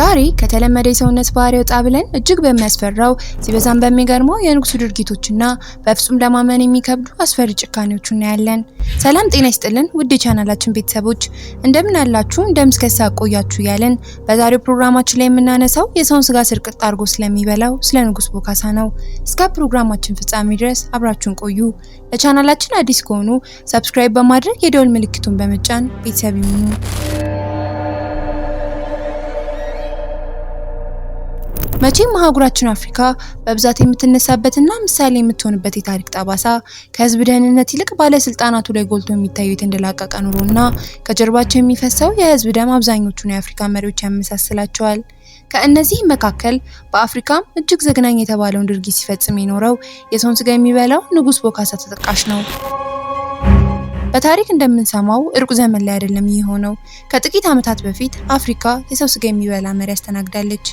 ዛሬ ከተለመደ የሰውነት ባህሪ ወጣ ብለን እጅግ በሚያስፈራው ሲበዛም በሚገርመው የንጉሱ ድርጊቶችና በፍጹም ለማመን የሚከብዱ አስፈሪ ጭካኔዎቹ እናያለን። ሰላም ጤና ይስጥልን ውድ የቻናላችን ቤተሰቦች እንደምን አላችሁ? እንደምስከሳ ቆያችሁ እያልን በዛሬው ፕሮግራማችን ላይ የምናነሳው የሰውን ስጋ ስርቅጥ አድርጎ ስለሚበላው ስለ ንጉስ ቦካሳ ነው። እስከ ፕሮግራማችን ፍጻሜ ድረስ አብራችሁን ቆዩ። ለቻናላችን አዲስ ከሆኑ ሰብስክራይብ በማድረግ የደወል ምልክቱን በመጫን ቤተሰብ ይሁኑ። መቼም አህጉራችን አፍሪካ በብዛት የምትነሳበትና ምሳሌ የምትሆንበት የታሪክ ጠባሳ ከህዝብ ደህንነት ይልቅ ባለስልጣናቱ ላይ ጎልቶ የሚታዩ የተንደላቀቀ ኑሮና ከጀርባቸው የሚፈሰው የህዝብ ደም አብዛኞቹን የአፍሪካ መሪዎች ያመሳስላቸዋል። ከእነዚህ መካከል በአፍሪካም እጅግ ዘግናኝ የተባለውን ድርጊት ሲፈጽም የኖረው የሰውን ስጋ የሚበላው ንጉስ ቦካሳ ተጠቃሽ ነው። በታሪክ እንደምንሰማው እርቁ ዘመን ላይ አይደለም ይህ ሆነው። ከጥቂት ዓመታት በፊት አፍሪካ የሰው ስጋ የሚበላ መሪ አስተናግዳለች።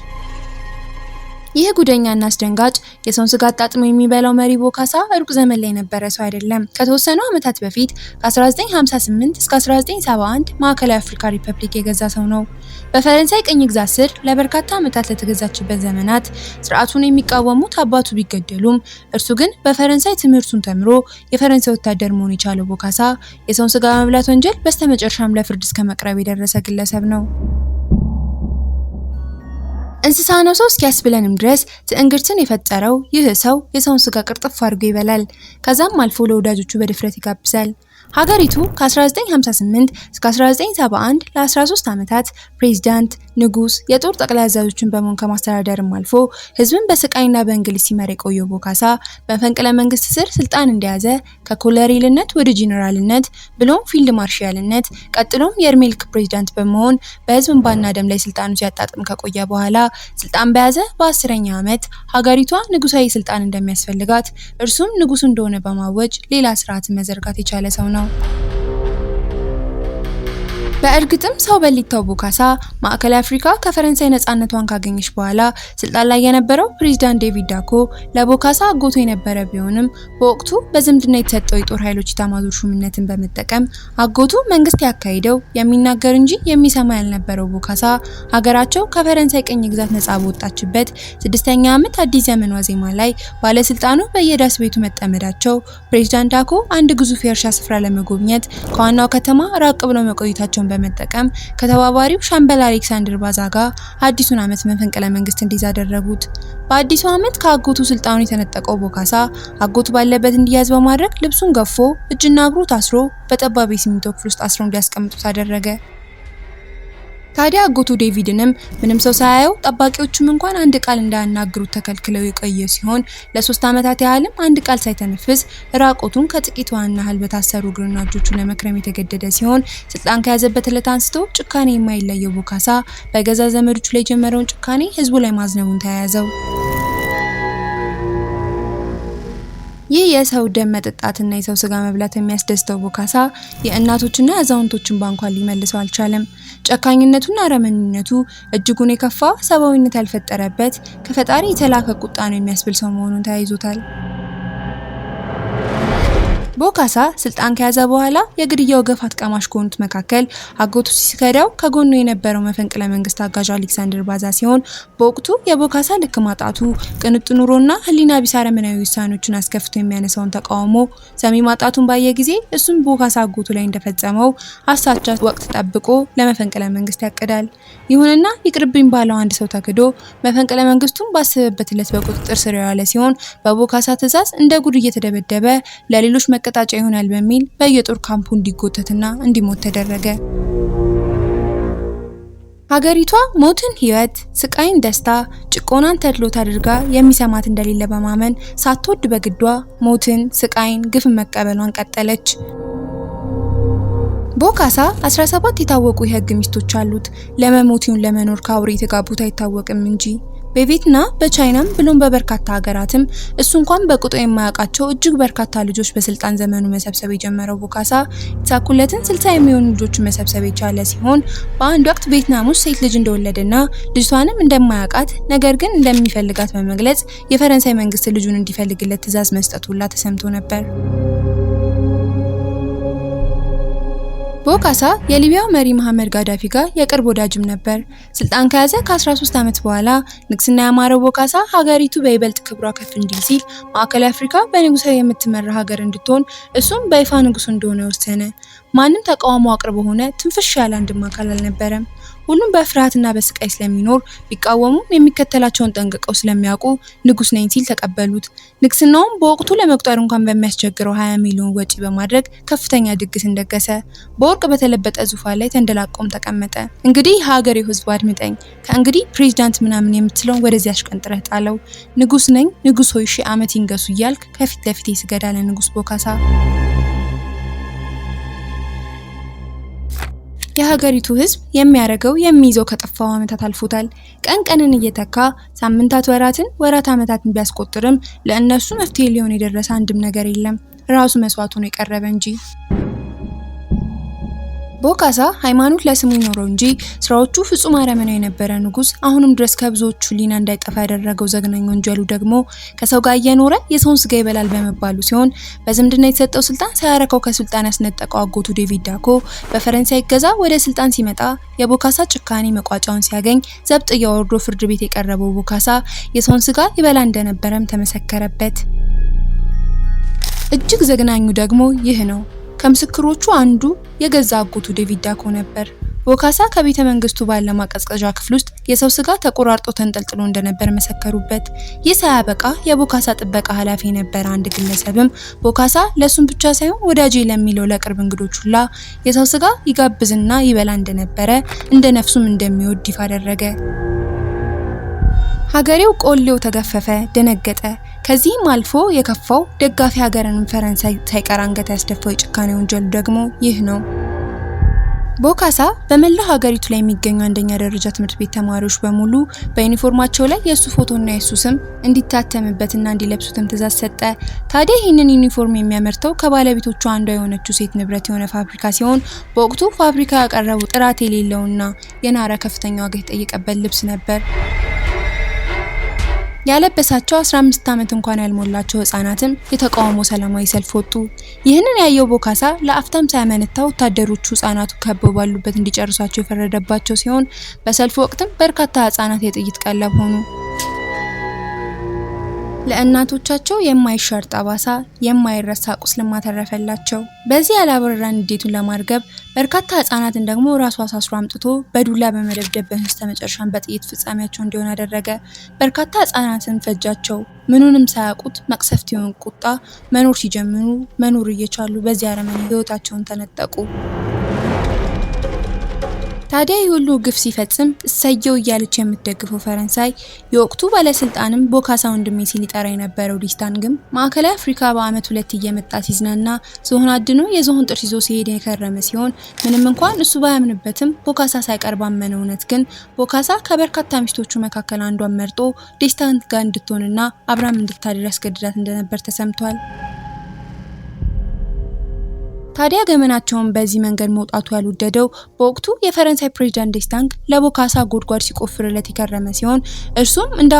ይህ ጉደኛና አስደንጋጭ የሰውን ስጋ አጣጥሞ የሚበላው መሪ ቦካሳ ሩቅ ዘመን ላይ የነበረ ሰው አይደለም። ከተወሰኑ ዓመታት በፊት ከ1958 እስከ 1971 ማዕከላዊ አፍሪካ ሪፐብሊክ የገዛ ሰው ነው። በፈረንሳይ ቅኝ ግዛት ስር ለበርካታ ዓመታት ለተገዛችበት ዘመናት ስርዓቱን የሚቃወሙት አባቱ ቢገደሉም እርሱ ግን በፈረንሳይ ትምህርቱን ተምሮ የፈረንሳይ ወታደር መሆን የቻለው ቦካሳ የሰውን ስጋ መብላት ወንጀል በስተመጨረሻም ለፍርድ እስከ መቅረብ የደረሰ ግለሰብ ነው። እንስሳ ነው ሰው እስኪያስብለንም ድረስ ትዕንግርትን የፈጠረው ይህ ሰው የሰውን ስጋ ቅርጥፍ አድርጎ ይበላል። ከዛም አልፎ ለወዳጆቹ በድፍረት ይጋብዛል። ሀገሪቱ ከ1958 እስከ 1971 ለ13 ዓመታት ፕሬዚዳንት ንጉስ፣ የጦር ጠቅላይ አዛዦችን በመሆን ከማስተዳደርም አልፎ ህዝብን በስቃይና በእንግሊዝ ሲመር የቆየው ቦካሳ በመፈንቅለ መንግስት ስር ስልጣን እንደያዘ ከኮሎኔልነት ወደ ጄኔራልነት ብሎም ፊልድ ማርሻልነት ቀጥሎም የእድሜ ልክ ፕሬዚዳንት በመሆን በህዝብ እንባና ደም ላይ ስልጣኑ ሲያጣጥም ከቆየ በኋላ ስልጣን በያዘ በአስረኛ ዓመት ሀገሪቷ ንጉሳዊ ስልጣን እንደሚያስፈልጋት እርሱም ንጉስ እንደሆነ በማወጅ ሌላ ስርዓትን መዘርጋት የቻለ ሰው ነው። በእርግጥም ሰው በሊታው ቦካሳ ማዕከላዊ አፍሪካ ከፈረንሳይ ነፃነቷን ካገኘች በኋላ ስልጣን ላይ የነበረው ፕሬዚዳንት ዴቪድ ዳኮ ለቦካሳ አጎቶ የነበረ ቢሆንም በወቅቱ በዝምድና የተሰጠው የጦር ኃይሎች ኢታማዦር ሹምነትን በመጠቀም አጎቱ መንግስት ያካሂደው የሚናገር እንጂ የሚሰማ ያልነበረው ቦካሳ ሀገራቸው ከፈረንሳይ ቅኝ ግዛት ነፃ በወጣችበት ስድስተኛ ዓመት አዲስ ዘመን ዋዜማ ላይ ባለስልጣኑ በየዳስ ቤቱ መጠመዳቸው ፕሬዚዳንት ዳኮ አንድ ግዙፍ የእርሻ ስፍራ ለመጎብኘት ከዋናው ከተማ ራቅ ብለው መቆየታቸው ኃይሏን በመጠቀም ከተባባሪው ሻምበል አሌክሳንደር ባዛ ጋር አዲሱን ዓመት መፈንቅለ መንግስት እንዲይዝ አደረጉት። በአዲሱ ዓመት ከአጎቱ ስልጣኑን የተነጠቀው ቦካሳ አጎቱ ባለበት እንዲያዝ በማድረግ ልብሱን ገፎ እጅና እግሩ ታስሮ በጠባብ የሲሚንቶ ክፍል ውስጥ አስሮ እንዲያስቀምጡት አደረገ። ታዲያ አጎቱ ዴቪድንም ምንም ሰው ሳያየው ጠባቂዎቹም እንኳን አንድ ቃል እንዳያናግሩት ተከልክለው የቆየ ሲሆን ለሶስት ዓመታት ያህልም አንድ ቃል ሳይተነፍስ ራቆቱን ከጥቂት ዋና በታሰሩ ግርናጆቹ ለመክረም የተገደደ ሲሆን ስልጣን ከያዘበት ዕለት አንስቶ ጭካኔ የማይለየው ቦካሳ በገዛ ዘመዶቹ ላይ የጀመረውን ጭካኔ ህዝቡ ላይ ማዝነቡን ተያያዘው። ይህ የሰው ደም መጠጣትና የሰው ስጋ መብላት የሚያስደስተው ቦካሳ የእናቶችና አዛውንቶችን ባንኳን ሊመልሰው አልቻለም። ጨካኝነቱና ረመኝነቱ እጅጉን የከፋ ሰብአዊነት ያልፈጠረበት ከፈጣሪ የተላከ ቁጣ ነው የሚያስብል ሰው መሆኑን ተያይዞታል። ቦካሳ ስልጣን ከያዘ በኋላ የግድያው ገፋት ቀማሽ ከሆኑት መካከል አጎቱ ሲከዳው ከጎኑ የነበረው መፈንቅለ መንግስት አጋዥ አሌክሳንደር ባዛ ሲሆን በወቅቱ የቦካሳ ልክ ማጣቱ ቅንጡ ኑሮና ህሊና ቢስ አረመናዊ ውሳኔዎችን አስከፍቶ የሚያነሳውን ተቃውሞ ሰሚ ማጣቱን ባየ ጊዜ እሱም ቦካሳ አጎቱ ላይ እንደፈጸመው አሳቻ ወቅት ጠብቆ ለመፈንቅለ መንግስት ያቅዳል። ይሁንና ይቅርብኝ ባለው አንድ ሰው ተክዶ መፈንቅለ መንግስቱን ባሰበበት ዕለት በቁጥጥር ስር የዋለ ሲሆን በቦካሳ ትእዛዝ እንደ ጉድ እየተደበደበ ለሌሎች ማቀጣጫ ይሆናል በሚል በየጦር ካምፑ እንዲጎተትና እንዲሞት ተደረገ። ሀገሪቷ ሞትን ህይወት፣ ስቃይን ደስታ፣ ጭቆናን ተድሎት አድርጋ የሚሰማት እንደሌለ በማመን ሳትወድ በግዷ ሞትን፣ ስቃይን፣ ግፍን መቀበሏን ቀጠለች። ቦካሳ 17 የታወቁ የህግ ሚስቶች አሉት። ለመሞት ይሁን ለመኖር ከአውሬ የተጋቡት አይታወቅም እንጂ በቪየትና በቻይናም ብሎም በበርካታ ሀገራትም እሱ እንኳን በቁጥር የማያውቃቸው እጅግ በርካታ ልጆች በስልጣን ዘመኑ መሰብሰብ የጀመረው ቦካሳ የተሳኩለትን ስልሳ የሚሆኑ ልጆች መሰብሰብ የቻለ ሲሆን በአንድ ወቅት ቪየትናም ውስጥ ሴት ልጅ እንደወለደና ልጅቷንም እንደማያውቃት ነገር ግን እንደሚፈልጋት በመግለጽ የፈረንሳይ መንግስት ልጁን እንዲፈልግለት ትዕዛዝ መስጠቱላ ተሰምቶ ነበር። ቦካሳ የሊቢያው መሪ መሐመድ ጋዳፊ ጋር የቅርብ ወዳጅም ነበር። ስልጣን ከያዘ ከ13 ዓመት በኋላ ንግስና ያማረው ቦካሳ ሀገሪቱ በይበልጥ ክብሯ ከፍ እንዲል ሲል ማዕከላዊ አፍሪካ በንጉሳዊ የምትመራ ሀገር እንድትሆን እሱም በይፋ ንጉሱ እንደሆነ ወሰነ። ማንም ተቃውሞ አቅርቦ ሆነ ትንፍሽ ያለ አንድም አካል አልነበረም። ሁሉም በፍርሃትና በስቃይ ስለሚኖር ቢቃወሙም የሚከተላቸውን ጠንቅቀው ስለሚያውቁ ንጉስ ነኝ ሲል ተቀበሉት። ንግስናውም በወቅቱ ለመቁጠር እንኳን በሚያስቸግረው 20 ሚሊዮን ወጪ በማድረግ ከፍተኛ ድግስ እንደገሰ። በወርቅ በተለበጠ ዙፋን ላይ ተንደላቆም ተቀመጠ። እንግዲህ ሀገሬው ህዝብ አድምጠኝ፣ ከእንግዲህ ፕሬዚዳንት ምናምን የምትለው ወደዚያሽ ቀን ጥረህ ጣለው። ንጉስ ነኝ፣ ንጉስ ሆይ ሺህ ዓመት ይንገሱ እያልክ ከፊት ለፊቴ ስገዳ ለንጉስ ቦካሳ የሀገሪቱ ህዝብ የሚያደርገው የሚይዘው ከጠፋው ዓመታት አልፎታል። ቀን ቀንን እየተካ ሳምንታት ወራትን፣ ወራት ዓመታትን ቢያስቆጥርም ለእነሱ መፍትሄ ሊሆን የደረሰ አንድም ነገር የለም። ራሱ መስዋዕት ሆኖ የቀረበ እንጂ ቦካሳ ሃይማኖት ለስሙ ይኖረው እንጂ ስራዎቹ ፍጹም አረመናዊ የነበረ ንጉስ፣ አሁንም ድረስ ከብዙዎቹ ሊና እንዳይጠፋ ያደረገው ዘግናኝ ወንጀሉ ደግሞ ከሰው ጋር እየኖረ የሰውን ስጋ ይበላል በመባሉ ሲሆን በዝምድና የተሰጠው ስልጣን ሳያረከው ከስልጣን ያስነጠቀው አጎቱ ዴቪድ ዳኮ በፈረንሳይ ገዛ ወደ ስልጣን ሲመጣ የቦካሳ ጭካኔ መቋጫውን ሲያገኝ ዘብጥ የወርዶ ፍርድ ቤት የቀረበው ቦካሳ የሰውን ስጋ ይበላ እንደነበረም ተመሰከረበት። እጅግ ዘግናኙ ደግሞ ይህ ነው። ከምስክሮቹ አንዱ የገዛ አጎቱ ዴቪድ ዳኮ ነበር። ቦካሳ ከቤተ መንግስቱ ባለ ማቀዝቀዣ ክፍል ውስጥ የሰው ስጋ ተቆራርጦ ተንጠልጥሎ እንደነበር መሰከሩበት። ይህ ሳያበቃ የቦካሳ ጥበቃ ኃላፊ የነበረ አንድ ግለሰብም ቦካሳ ለሱም ብቻ ሳይሆን ወዳጄ ለሚለው ለቅርብ እንግዶች ሁላ የሰው ስጋ ይጋብዝና ይበላ እንደነበረ፣ እንደ ነፍሱም እንደሚወድ ይፋ አደረገ። ሀገሬው ቆሌው ተገፈፈ፣ ደነገጠ። ከዚህም አልፎ የከፋው ደጋፊ ሀገርንም ፈረንሳይ ሳይቀር አንገት ያስደፋው የጭካኔ ወንጀሉ ደግሞ ይህ ነው። ቦካሳ በመላው ሀገሪቱ ላይ የሚገኙ አንደኛ ደረጃ ትምህርት ቤት ተማሪዎች በሙሉ በዩኒፎርማቸው ላይ የእሱ ፎቶና የእሱ ስም እንዲታተምበትና እንዲለብሱትም ትእዛዝ ሰጠ። ታዲያ ይህንን ዩኒፎርም የሚያመርተው ከባለቤቶቹ አንዷ የሆነችው ሴት ንብረት የሆነ ፋብሪካ ሲሆን በወቅቱ ፋብሪካ ያቀረቡ ጥራት የሌለውና የናረ ከፍተኛ ዋጋ የተጠየቀበት ልብስ ነበር። ያለበሳቸው 15 ዓመት እንኳን ያልሞላቸው ህጻናትም የተቃውሞ ሰላማዊ ሰልፍ ወጡ። ይህንን ያየው ቦካሳ ለአፍታም ሳያመነታ ወታደሮቹ ህጻናቱ ከበው ባሉበት እንዲጨርሷቸው የፈረደባቸው ሲሆን በሰልፍ ወቅትም በርካታ ህጻናት የጥይት ቀለብ ሆኑ። ለእናቶቻቸው የማይሻር ጠባሳ፣ የማይረሳ ቁስል ማተረፈላቸው። በዚህ ያላበረራን ንዴቱን ለማርገብ በርካታ ህጻናትን ደግሞ ራሱ አሳስሮ አምጥቶ በዱላ በመደብደብ መጨረሻን በጥይት ፍጻሜያቸው እንዲሆን አደረገ። በርካታ ህጻናትን ፈጃቸው። ምኑንም ሳያውቁት መቅሰፍት የሆን ቁጣ መኖር ሲጀምሩ መኖር እየቻሉ በዚህ አረመኔ ህይወታቸውን ተነጠቁ። ታዲያ የሁሉ ግፍ ሲፈጽም እሰየው እያለች የምትደግፈው ፈረንሳይ የወቅቱ ባለስልጣንም ቦካሳ ወንድሜ ሲል ይጠራ የነበረው ዲስታን ግን ማዕከላዊ አፍሪካ በአመት ሁለት እየመጣ ሲዝናና ዝሆን አድኖ የዝሆን ጥርስ ይዞ ሲሄድ የከረመ ሲሆን ምንም እንኳን እሱ ባያምንበትም ቦካሳ ሳይቀር ባመነ እውነት ግን ቦካሳ ከበርካታ ሚስቶቹ መካከል አንዷን መርጦ ዲስታን ጋር እንድትሆንና አብራም እንድታድር ያስገድዳት እንደነበር ተሰምቷል። ታዲያ ገመናቸውን በዚህ መንገድ መውጣቱ ያልወደደው በወቅቱ የፈረንሳይ ፕሬዚዳንት ዴስታንግ ለቦካሳ ጎድጓድ ሲቆፍርለት የከረመ ሲሆን እርሱም እንደ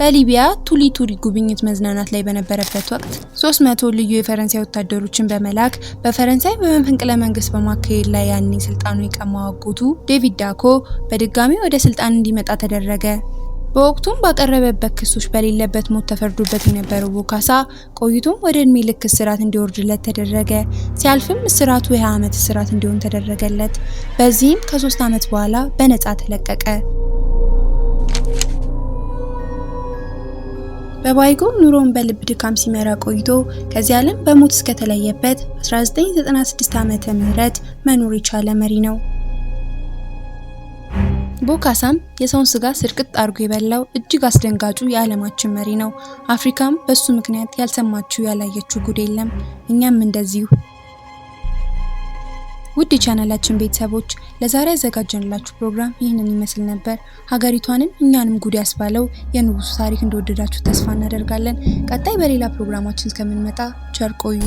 በሊቢያ ቱሊ ቱሪ ጉብኝት መዝናናት ላይ በነበረበት ወቅት 300 ልዩ የፈረንሳይ ወታደሮችን በመላክ በፈረንሳይ በመፈንቅለ መንግስት በማካሄድ ላይ ያኔ ስልጣኑ የቀማው አጎቱ ዴቪድ ዳኮ በድጋሚ ወደ ስልጣን እንዲመጣ ተደረገ። በወቅቱም ባቀረበበት ክሶች በሌለበት ሞት ተፈርዶበት የነበረው ቦካሳ ቆይቶም ወደ እድሜ ልክ እስራት እንዲወርድለት ተደረገ። ሲያልፍም እስራቱ የ20 ዓመት እስራት እንዲሆን ተደረገለት። በዚህም ከሶስት ዓመት በኋላ በነፃ ተለቀቀ። በባይጎ ኑሮን በልብ ድካም ሲመራ ቆይቶ ከዚህ ዓለም በሞት እስከተለየበት 1996 ዓመተ ምህረት መኖር የቻለ መሪ ነው። ቦካሳም የሰውን ስጋ ስርቅጥ አድርጎ የበላው እጅግ አስደንጋጩ የዓለማችን መሪ ነው። አፍሪካም በሱ ምክንያት ያልሰማችው ያላየችው ጉድ የለም። እኛም እንደዚሁ። ውድ የቻናላችን ቤተሰቦች ለዛሬ ያዘጋጀንላችሁ ፕሮግራም ይህንን ይመስል ነበር። ሀገሪቷንም እኛንም ጉድ ያስባለው የንጉሱ ታሪክ እንደወደዳችሁ ተስፋ እናደርጋለን። ቀጣይ በሌላ ፕሮግራማችን እስከምንመጣ ቸር ቆዩ።